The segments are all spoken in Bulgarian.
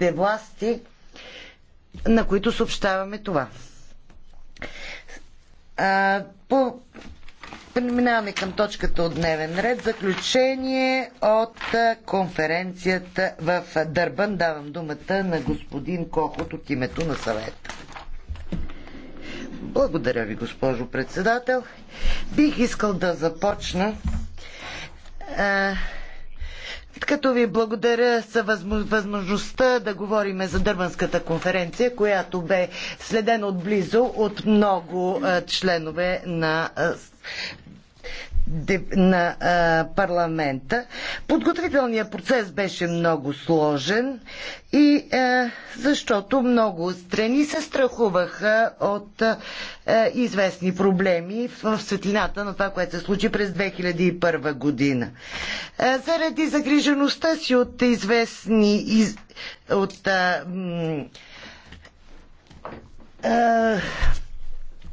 местните власти, на които съобщаваме това. А, по... Преминаваме към точката от дневен ред. Заключение от конференцията в Дърбан. Давам думата на господин Кохот от името на съвета. Благодаря ви, госпожо председател. Бих искал да започна. А като ви благодаря за възможността да говорим за Дърбанската конференция, която бе следена отблизо от много членове на на а, парламента. Подготвителният процес беше много сложен и а, защото много страни се страхуваха от а, известни проблеми в, светлината на това, което се случи през 2001 година. А, заради загрижеността си от известни из, от а, а,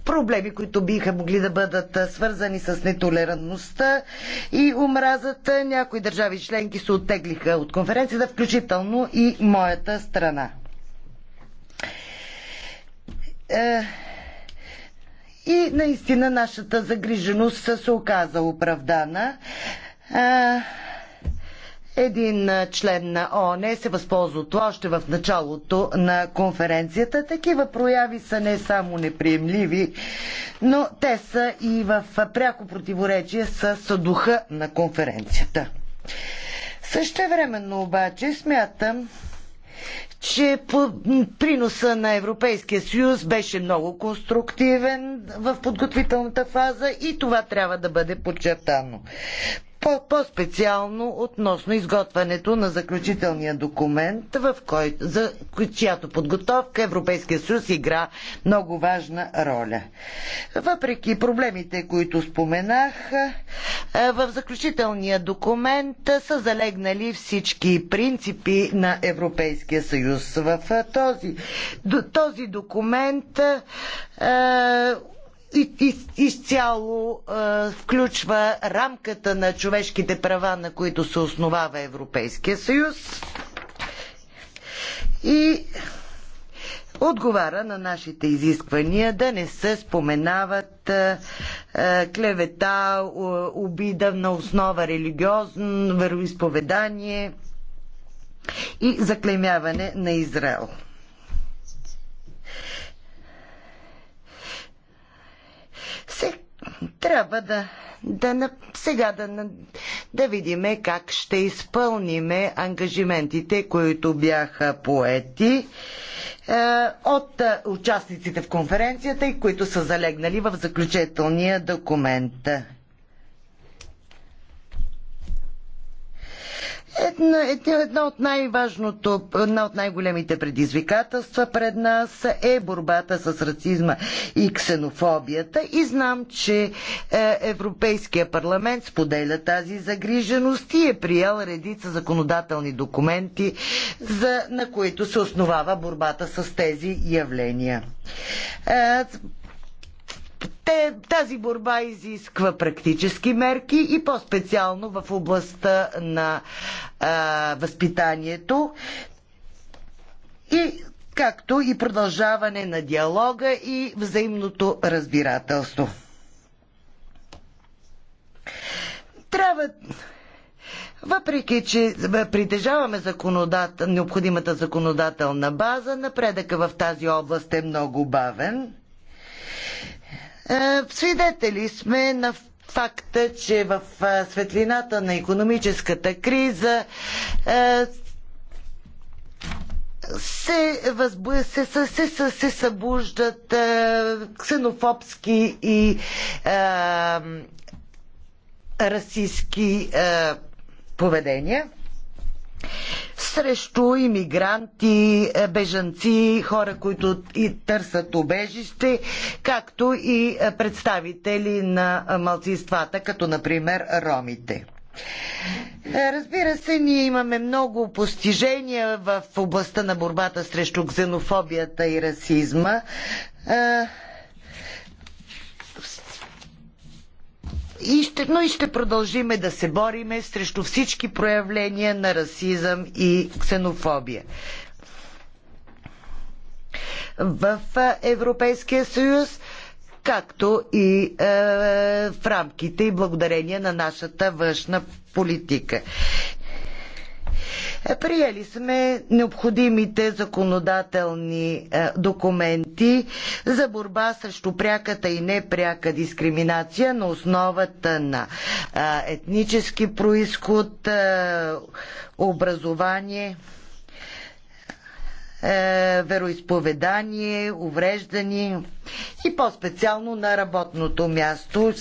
проблеми, които биха могли да бъдат свързани с нетолерантността и омразата. Някои държави членки се оттеглиха от конференцията, включително и моята страна. Е, и наистина нашата загриженост се оказа оправдана. Е, един член на ООН се възползва от това още в началото на конференцията. Такива прояви са не само неприемливи, но те са и в пряко противоречие с духа на конференцията. Същевременно обаче смятам, че приноса на Европейския съюз беше много конструктивен в подготвителната фаза и това трябва да бъде подчертано по-специално относно изготвянето на заключителния документ, в кой, за чиято подготовка Европейския съюз игра много важна роля. Въпреки проблемите, които споменах, е, в заключителния документ са залегнали всички принципи на Европейския съюз. В е, този, този документ е, изцяло е, включва рамката на човешките права, на които се основава Европейския съюз и отговаря на нашите изисквания да не се споменават е, е, клевета, обида на основа религиозно, вероисповедание и заклемяване на Израел. трябва да, да сега да, да видим как ще изпълниме ангажиментите, които бяха поети е, от е, участниците в конференцията и които са залегнали в заключителния документ. Една, една от най-важното, една от най-големите предизвикателства пред нас е борбата с расизма и ксенофобията и знам, че е, Европейския парламент споделя тази загриженост и е приел редица законодателни документи, за, на които се основава борбата с тези явления. Е, те, тази борба изисква практически мерки и по-специално в областта на а, възпитанието. И както и продължаване на диалога и взаимното разбирателство. Трябва, въпреки, че притежаваме законодател, необходимата законодателна база, напредъка в тази област е много бавен. Свидетели сме на факта, че в светлината на економическата криза се, се, се, се, се събуждат е, ксенофобски и е, расистски е, поведения срещу иммигранти, е, бежанци, хора, които и търсят убежище, както и е, представители на е, малцинствата, като например ромите. Разбира се, ние имаме много постижения в областта на борбата срещу ксенофобията и расизма. И ще, но и ще продължиме да се бориме срещу всички проявления на расизъм и ксенофобия. В Европейския съюз както и е, в рамките и благодарение на нашата външна политика. Е, приели сме необходимите законодателни е, документи за борба срещу пряката и непряка дискриминация на основата на е, етнически происход, образование, е, вероисповедание, увреждани и по-специално на работното място.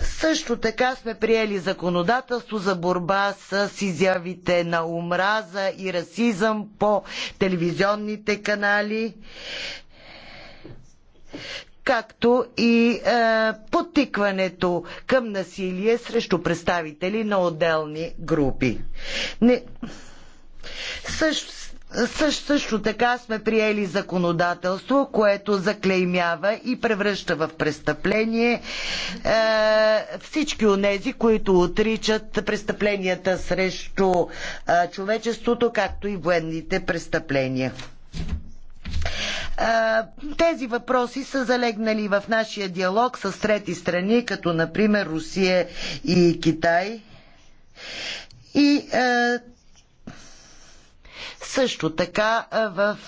Също така сме приели законодателство за борба с изявите на омраза и расизъм по телевизионните канали както и е, потикването към насилие срещу представители на отделни групи. Не... Също, също, също така сме приели законодателство, което заклеймява и превръща в престъпление е, всички онези, които отричат престъпленията срещу е, човечеството, както и военните престъпления. Е, тези въпроси са залегнали в нашия диалог с трети страни, като например Русия и Китай. И е, също така в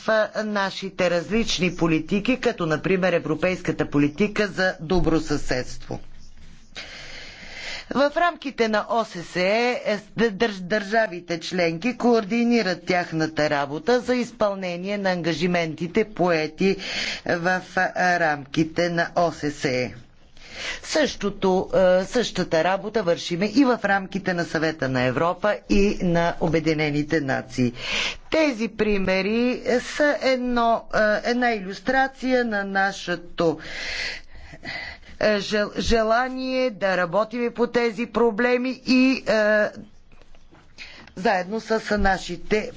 нашите различни политики, като например европейската политика за добросъседство. В рамките на ОССЕ е, държавите членки координират тяхната работа за изпълнение на ангажиментите поети в рамките на ОССЕ. Същото, е, същата работа вършиме и в рамките на съвета на Европа и на Обединените нации. Тези примери са едно, е, една иллюстрация на нашето е, желание да работим по тези проблеми и заедно с нашите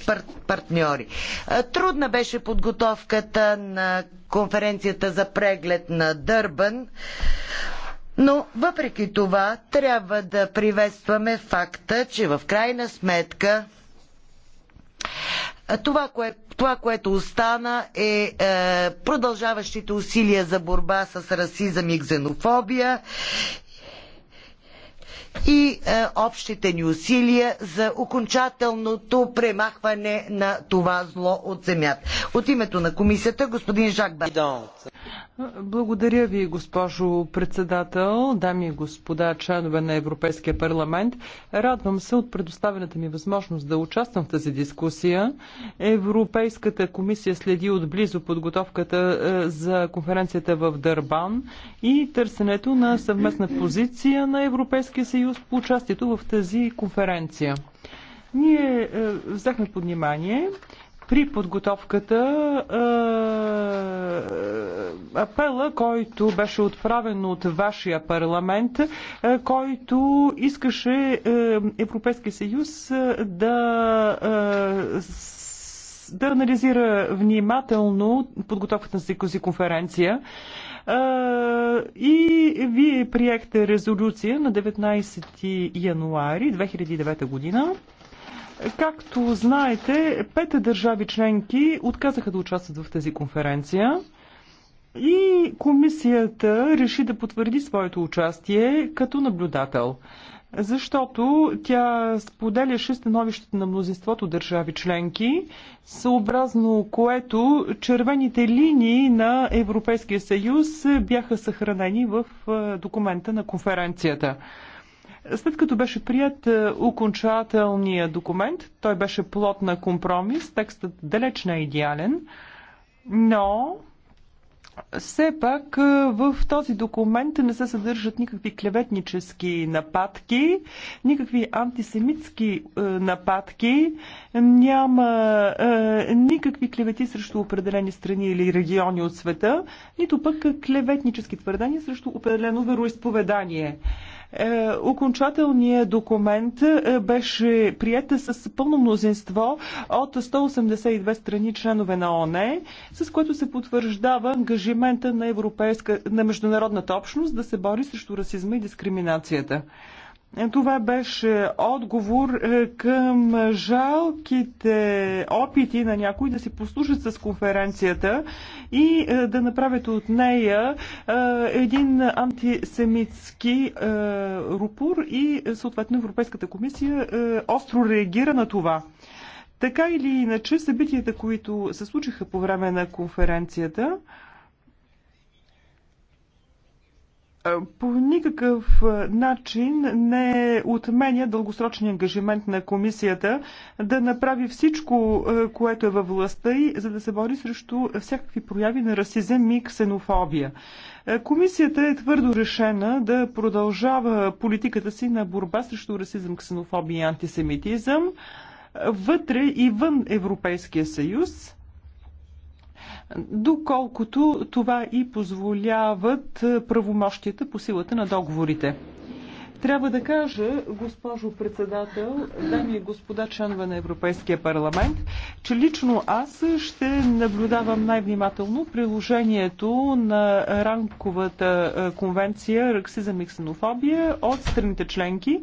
партньори. Трудна беше подготовката на конференцията за преглед на Дърбан. Но въпреки това трябва да приветстваме факта, че в крайна сметка това, кое, това което остана е, е продължаващите усилия за борба с расизъм и ксенофобия и е, общите ни усилия за окончателното премахване на това зло от земята. От името на комисията господин Жак Бар. Благодаря ви, госпожо председател, дами и господа, членове на Европейския парламент. Радвам се от предоставената ми възможност да участвам в тази дискусия. Европейската комисия следи отблизо подготовката е, за конференцията в Дърбан и търсенето на съвместна позиция на Европейския съюз по участието в тази конференция. Ние е, взехме под внимание при подготовката е, е, апела, който беше отправен от вашия парламент, е, който искаше Европейския съюз да да анализира внимателно подготовката на тази конференция. И вие приехте резолюция на 19 януари 2009 година. Както знаете, пет държави членки отказаха да участват в тази конференция. И комисията реши да потвърди своето участие като наблюдател, защото тя споделяше становището на мнозинството държави членки, съобразно което червените линии на Европейския съюз бяха съхранени в документа на конференцията. След като беше прият е, окончателния документ, той беше плод на компромис, текстът далеч не е идеален, но все пак е, в този документ не се съдържат никакви клеветнически нападки, никакви антисемитски е, нападки, няма никакви клевети срещу определени страни или региони от света, нито пък клеветнически твърдения срещу определено вероисповедание. Е, окончателният документ е, беше прият с пълно мнозинство от 182 страни членове на ОНЕ, с което се потвърждава ангажимента на, европейска, на международната общност да се бори срещу расизма и дискриминацията. Това беше отговор е, към жалките опити на някои да си послушат с конференцията и е, да направят от нея е, един антисемитски рупор и съответно Европейската комисия остро реагира на това. Така или иначе, събитията, които се случиха по време на конференцията, Е, по никакъв е, начин не отменя дългосрочния ангажимент на комисията да направи всичко, е, което е във властта и за да се бори срещу всякакви прояви на расизъм и ксенофобия. Комисията е твърдо решена да продължава политиката си на борба срещу расизъм, ксенофобия и антисемитизъм вътре и вън Европейския съюз доколкото това и позволяват е, правомощията по силата на договорите. Трябва да кажа, госпожо председател, дами и господа членове на Европейския парламент, че лично аз ще наблюдавам най-внимателно приложението на рамковата е, конвенция Ръксизъм и ксенофобия от страните членки.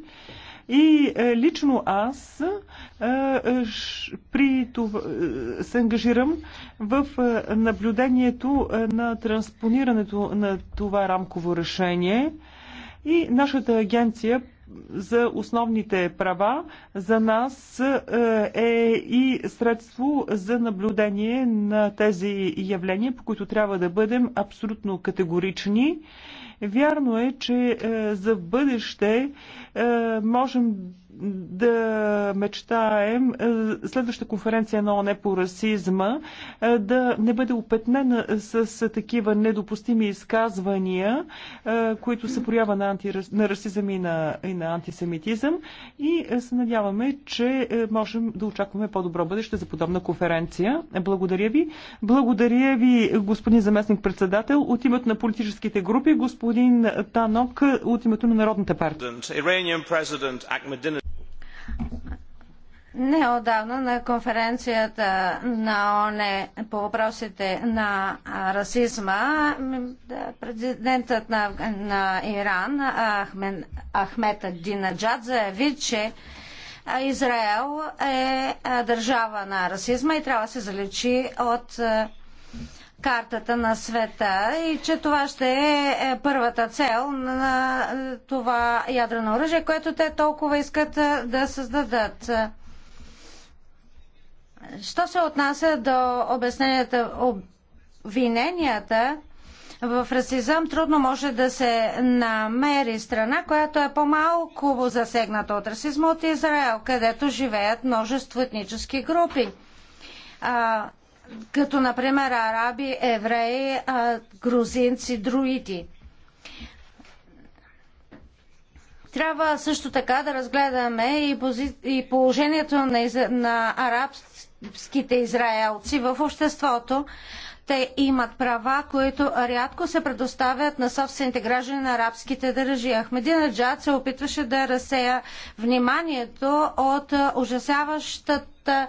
И е, лично аз е, е, при това, се ангажирам в наблюдението на транспонирането на това рамково решение и нашата агенция за основните права за нас е и средство за наблюдение на тези явления, по които трябва да бъдем абсолютно категорични. Вярно е, че е, за бъдеще е, можем да мечтаем е, следващата конференция на ОНЕ по расизма е, да не бъде опетнена с такива недопустими изказвания, е, които са проява на, антирас... на расизъм и на... и на антисемитизъм. И се надяваме, че можем да очакваме по-добро бъдеще за подобна конференция. Благодаря ви. Благодаря ви, господин заместник-председател. От името на политическите групи, господин Танок, от името на Народната партия. Неодавна на конференцията на ОНЕ по въпросите на расизма президентът на, на Иран Ахмен, Ахмед Динаджад заяви, че Израел е държава на расизма и трябва да се залечи от картата на света и че това ще е, е първата цел на това ядрено оръжие, което те толкова искат да създадат. Що се отнася до обясненията, обвиненията в расизъм, трудно може да се намери страна, която е по-малко засегната от расизма от Израел, където живеят множество етнически групи. А, като, например, араби, евреи, а, грузинци, друиди. Трябва също така да разгледаме и, пози... и положението на, из... на арабс арабските израелци в обществото. Те имат права, които рядко се предоставят на собствените граждани на арабските държави. Ахмедина Джад се опитваше да разсея вниманието от ужасяващата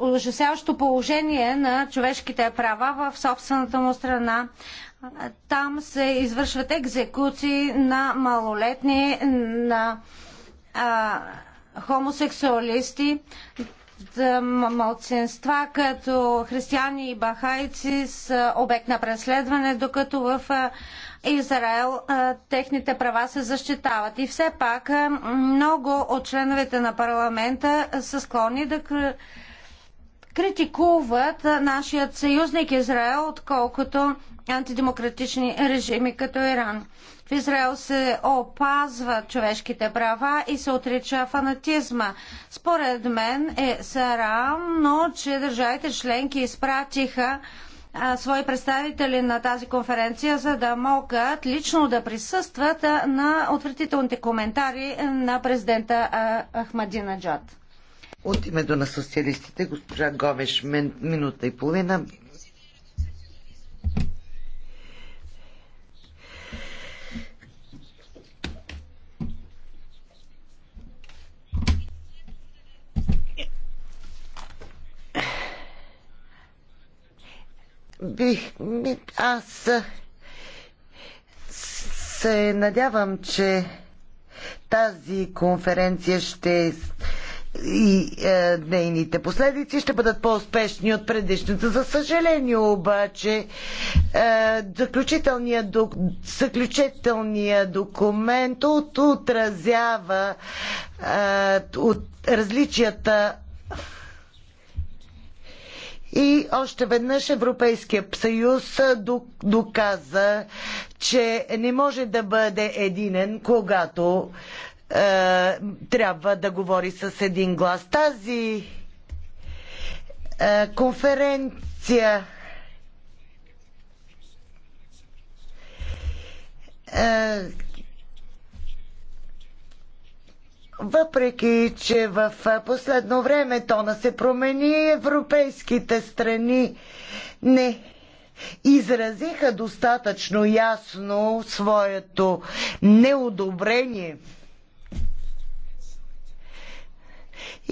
ужасяващо положение на човешките права в собствената му страна. Там се извършват екзекуции на малолетни, на а, хомосексуалисти, малцинства като християни и бахайци са обект на преследване, докато в Израел техните права се защитават. И все пак много от членовете на парламента са склонни да критикуват нашият съюзник Израел, отколкото антидемократични режими като Иран. В Израел се опазват човешките права и се отрича фанатизма. Според мен е срамно, че държавите членки изпратиха а, свои представители на тази конференция, за да могат лично да присъстват а, на отвратителните коментари на президента Ахмадина Джад. От името на социалистите, госпожа Говеш, мен, минута и половина. Бих, ми, аз се надявам, че тази конференция ще и е, нейните последици ще бъдат по-успешни от предишната. За съжаление обаче, е, заключителният, док, заключителният документ от, отразява е, от различията и още веднъж Европейският съюз доказа, че не може да бъде единен, когато е, трябва да говори с един глас. Тази е, конференция е, въпреки, че в последно време тона се промени, европейските страни не изразиха достатъчно ясно своето неодобрение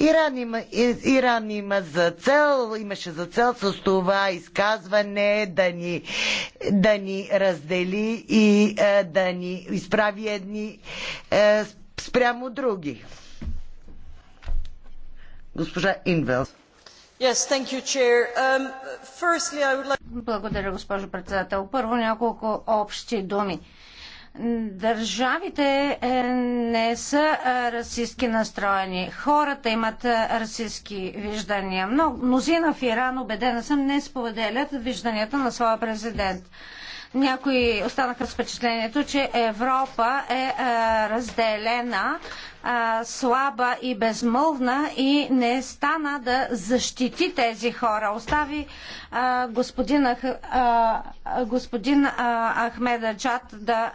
Иран има, Иран има за цел, имаше за цел с това изказване да ни, да ни раздели и е, да ни изправи едни е, спрямо други. Госпожа Инвелс. Yes, thank you, Chair. um, firstly, I would like... Благодаря, госпожо председател. Първо няколко общи думи. Uh, Държавите е, не са е, расистски настроени. Хората имат е, расистски виждания. Много, мнозина в Иран, убедена съм, не споделят вижданията на своя президент. Някои останаха с впечатлението, че Европа е, е разделена, е, слаба и безмълвна и не стана да защити тези хора. Остави е, господин, господин Ахмеда Джад да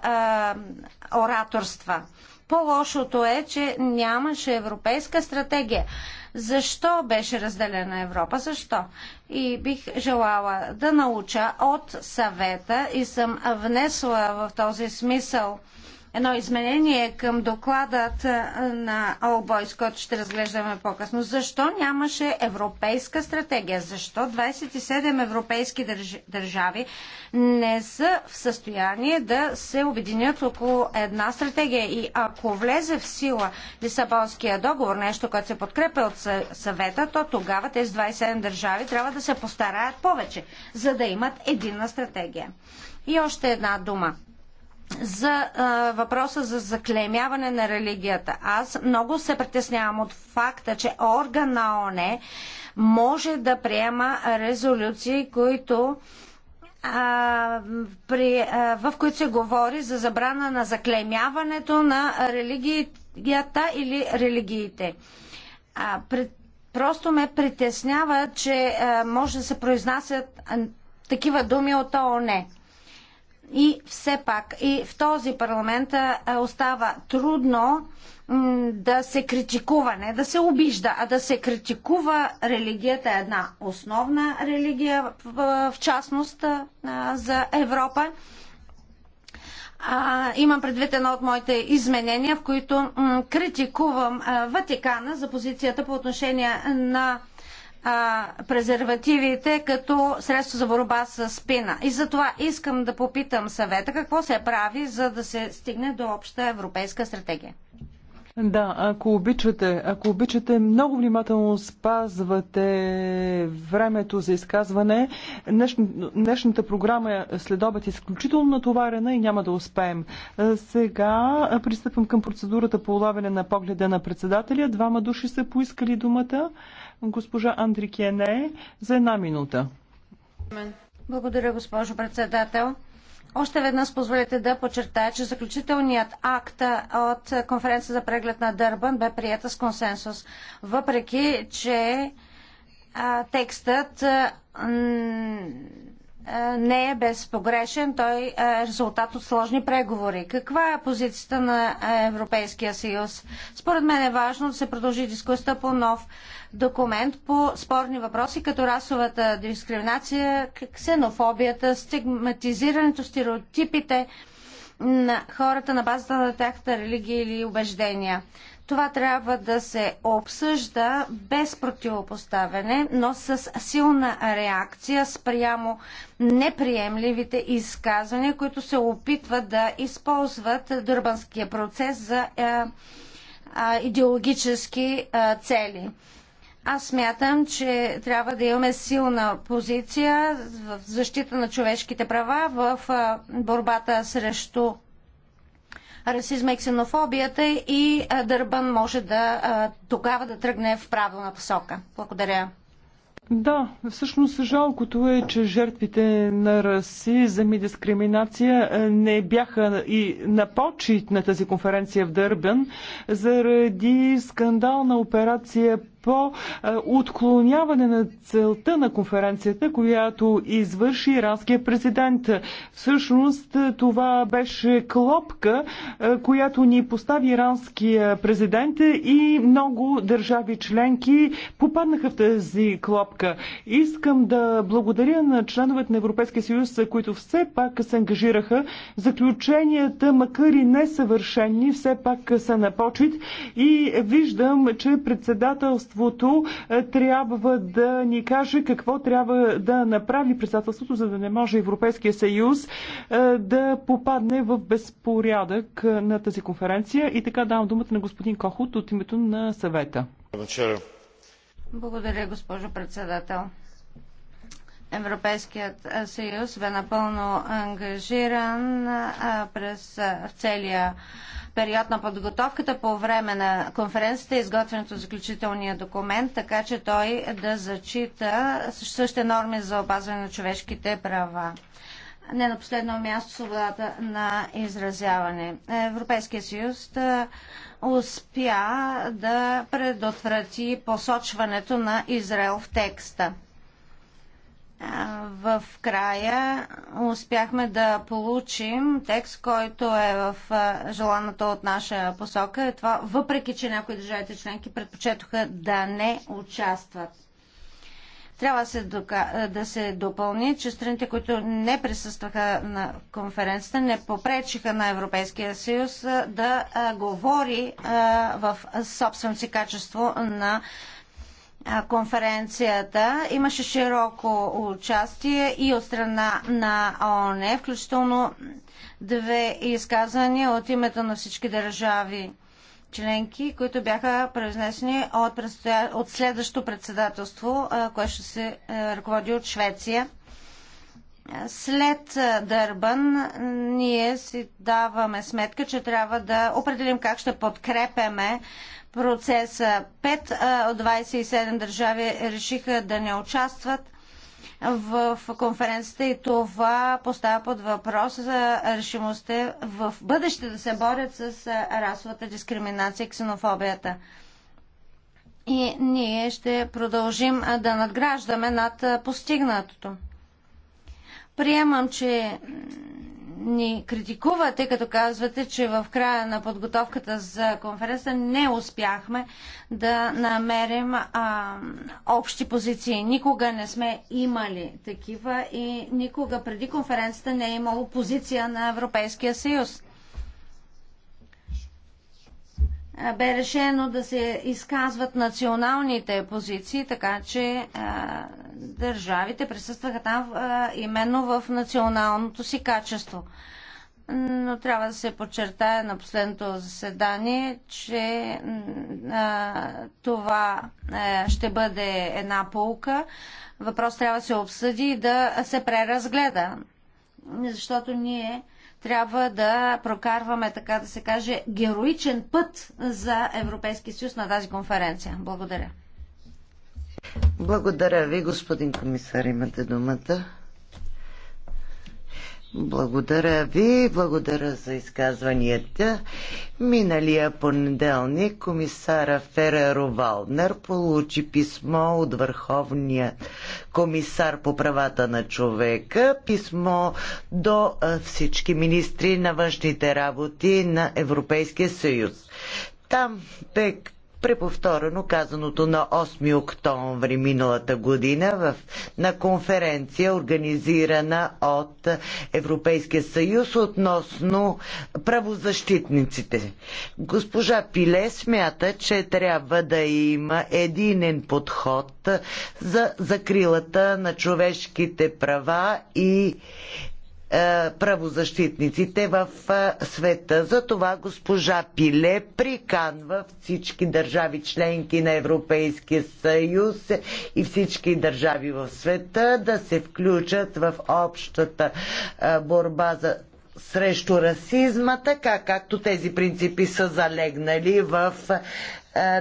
ораторства. По-лошото е, че нямаше европейска стратегия. Защо беше разделена Европа? Защо? И бих желала да науча от съвета и съм внесла в този смисъл едно изменение към докладът на Олбойс, който ще разглеждаме по-късно. Защо нямаше европейска стратегия? Защо 27 европейски държ... държави не са в състояние да се обединят около една стратегия? И ако влезе в сила Лисабонския договор, нещо, което се подкрепя от съвета, то тогава тези 27 държави трябва да се постараят повече, за да имат единна стратегия. И още една дума за а, въпроса за заклемяване на религията. Аз много се притеснявам от факта, че орган на ОНЕ може да приема резолюции, които а, при, а, в които се говори за забрана на заклемяването на религията или религиите. А, при, просто ме притеснява, че а, може да се произнасят а, такива думи от ООН. И все пак и в този парламент остава трудно да се критикува, не да се обижда, а да се критикува религията, е една основна религия, в частност за Европа. А, имам предвид едно от моите изменения, в които критикувам Ватикана за позицията по отношение на а, презервативите като средство за борба с спина. И затова искам да попитам съвета какво се прави, за да се стигне до обща европейска стратегия. Да, ако обичате, ако обичате, много внимателно спазвате времето за изказване. Днешна, днешната програма е след обед е изключително натоварена и няма да успеем. Сега пристъпвам към процедурата по улавяне на погледа на председателя. Двама души са поискали думата госпожа Кене, за една минута. Благодаря, госпожо председател. Още веднъж позволете да подчертая, че заключителният акт от конференция за преглед на Дърбан бе прията с консенсус, въпреки че а, текстът а, е, не е безпогрешен, той е резултат от сложни преговори. Каква е позицията на Европейския съюз? Според мен е важно да се продължи дискусията по нов документ по спорни въпроси, като расовата дискриминация, ксенофобията, стигматизирането, стереотипите на хората на базата на тяхната религия или убеждения. Това трябва да се обсъжда без противопоставяне, но с силна реакция спрямо неприемливите изказвания, които се опитват да използват дърбанския процес за е, идеологически е, цели. Аз смятам, че трябва да имаме силна позиция в защита на човешките права в е, борбата срещу расизма и ксенофобията и Дърбан може да тогава да тръгне в правилна посока. Благодаря. Да, всъщност жалкото е, че жертвите на расизъм и дискриминация не бяха и на почет на тази конференция в Дърбен заради скандална операция по е, отклоняване на целта на конференцията, която извърши иранския президент. Всъщност е, това беше клопка, е, която ни постави иранския президент и много държави членки попаднаха в тази клопка. Искам да благодаря на членовете на Европейския съюз, които все пак се ангажираха. Заключенията, макар и несъвършени, все пак са на почет и виждам, че председателството председателството е, трябва да ни каже какво трябва да направи председателството, за да не може Европейския съюз е, да попадне в безпорядък на тази конференция. И така давам думата на господин Кохот от името на съвета. Благодаря, госпожо председател. Европейският съюз бе напълно ангажиран през целия период на подготовката по време на конференцията и е изготвянето на заключителния документ, така че той да зачита същите норми за опазване на човешките права. Не на последно място свободата на изразяване. Европейския съюз успя да предотврати посочването на Израел в текста в края успяхме да получим текст, който е в желаната от наша посока. Това, въпреки, че някои държавите членки предпочетоха да не участват. Трябва се дока... да се допълни, че страните, които не присъстваха на конференцията, не попречиха на Европейския съюз да говори в собствено си качество на конференцията имаше широко участие и от страна на ООН, включително две изказвания от името на всички държави членки, които бяха произнесени от, предстоя... от следващото председателство, което ще се е, ръководи от Швеция. След е, Дърбан ние си даваме сметка, че трябва да определим как ще подкрепяме процеса. Пет от 27 държави решиха да не участват в конференцията и това поставя под въпрос за решимостта в бъдеще да се борят с расовата дискриминация и ксенофобията. И ние ще продължим да надграждаме над постигнатото. Приемам, че ни критикувате, като казвате, че в края на подготовката за конференция не успяхме да намерим а, общи позиции. Никога не сме имали такива и никога преди конференцията не е имало позиция на Европейския съюз. бе решено да се изказват националните позиции, така че а, държавите присъстваха там а, именно в националното си качество. Но трябва да се подчертая на последното заседание, че а, това а, е, ще бъде една полка. Въпрос трябва да се обсъди и да се преразгледа. Защото ние а, трябва да прокарваме, така да се каже, героичен път за Европейския съюз на тази конференция. Благодаря. Благодаря ви, господин комисар. Имате думата. Благодаря ви, благодаря за изказванията. Миналия понеделник комисара Фереро Валнер получи писмо от Върховния комисар по правата на човека, писмо до всички министри на външните работи на Европейския съюз. Там бе преповторено казаното на 8 октомври миналата година в, на конференция, организирана от Европейския съюз относно правозащитниците. Госпожа Пиле смята, че трябва да има единен подход за закрилата на човешките права и е, правозащитниците в е, света. Затова госпожа Пиле приканва всички държави членки на Европейския съюз и всички държави в света да се включат в общата е, борба за срещу расизма, така както тези принципи са залегнали в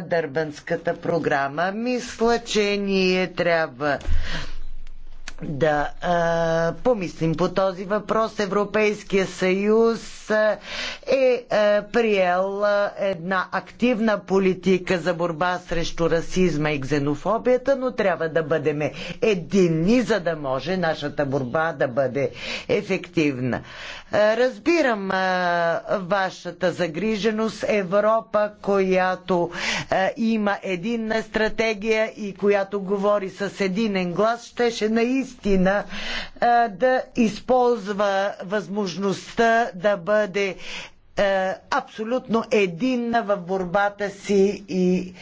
Дърбанската програма. Мисля, че ние трябва да а, помислим по този въпрос. Европейския съюз е а, приел а, една активна политика за борба срещу расизма и ксенофобията, но трябва да бъдем единни, за да може нашата борба да бъде ефективна. разбирам а, вашата загриженост. Европа, която а, има единна стратегия и която говори с единен глас, щеше наистина наистина да използва възможността да бъде абсолютно единна в борбата си и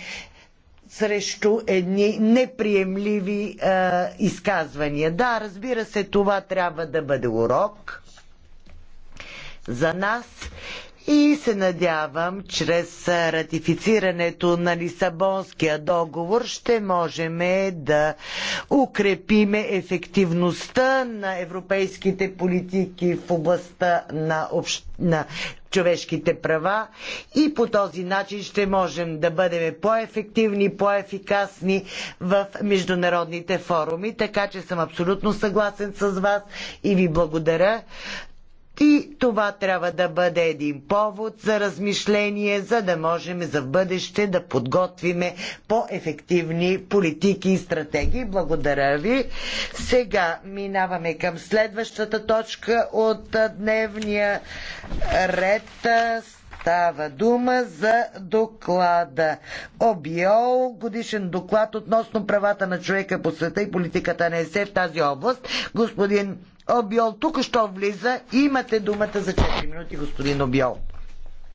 срещу едни неприемливи а, изказвания. Да, разбира се, това трябва да бъде урок за нас и се надявам, чрез ратифицирането на Лисабонския договор ще можем да укрепим ефективността на европейските политики в областта на, общ... на човешките права и по този начин ще можем да бъдем по-ефективни, по-ефикасни в международните форуми. Така че съм абсолютно съгласен с вас и ви благодаря. И това трябва да бъде един повод за размишление, за да можем за в бъдеще да подготвиме по-ефективни политики и стратегии. Благодаря ви. Сега минаваме към следващата точка от дневния ред. Става дума за доклада. ОБИО, годишен доклад относно правата на човека по света и политиката на ЕСЕ в тази област. Господин Обиол тук що влиза. Имате думата за 4 минути, господин Обиол.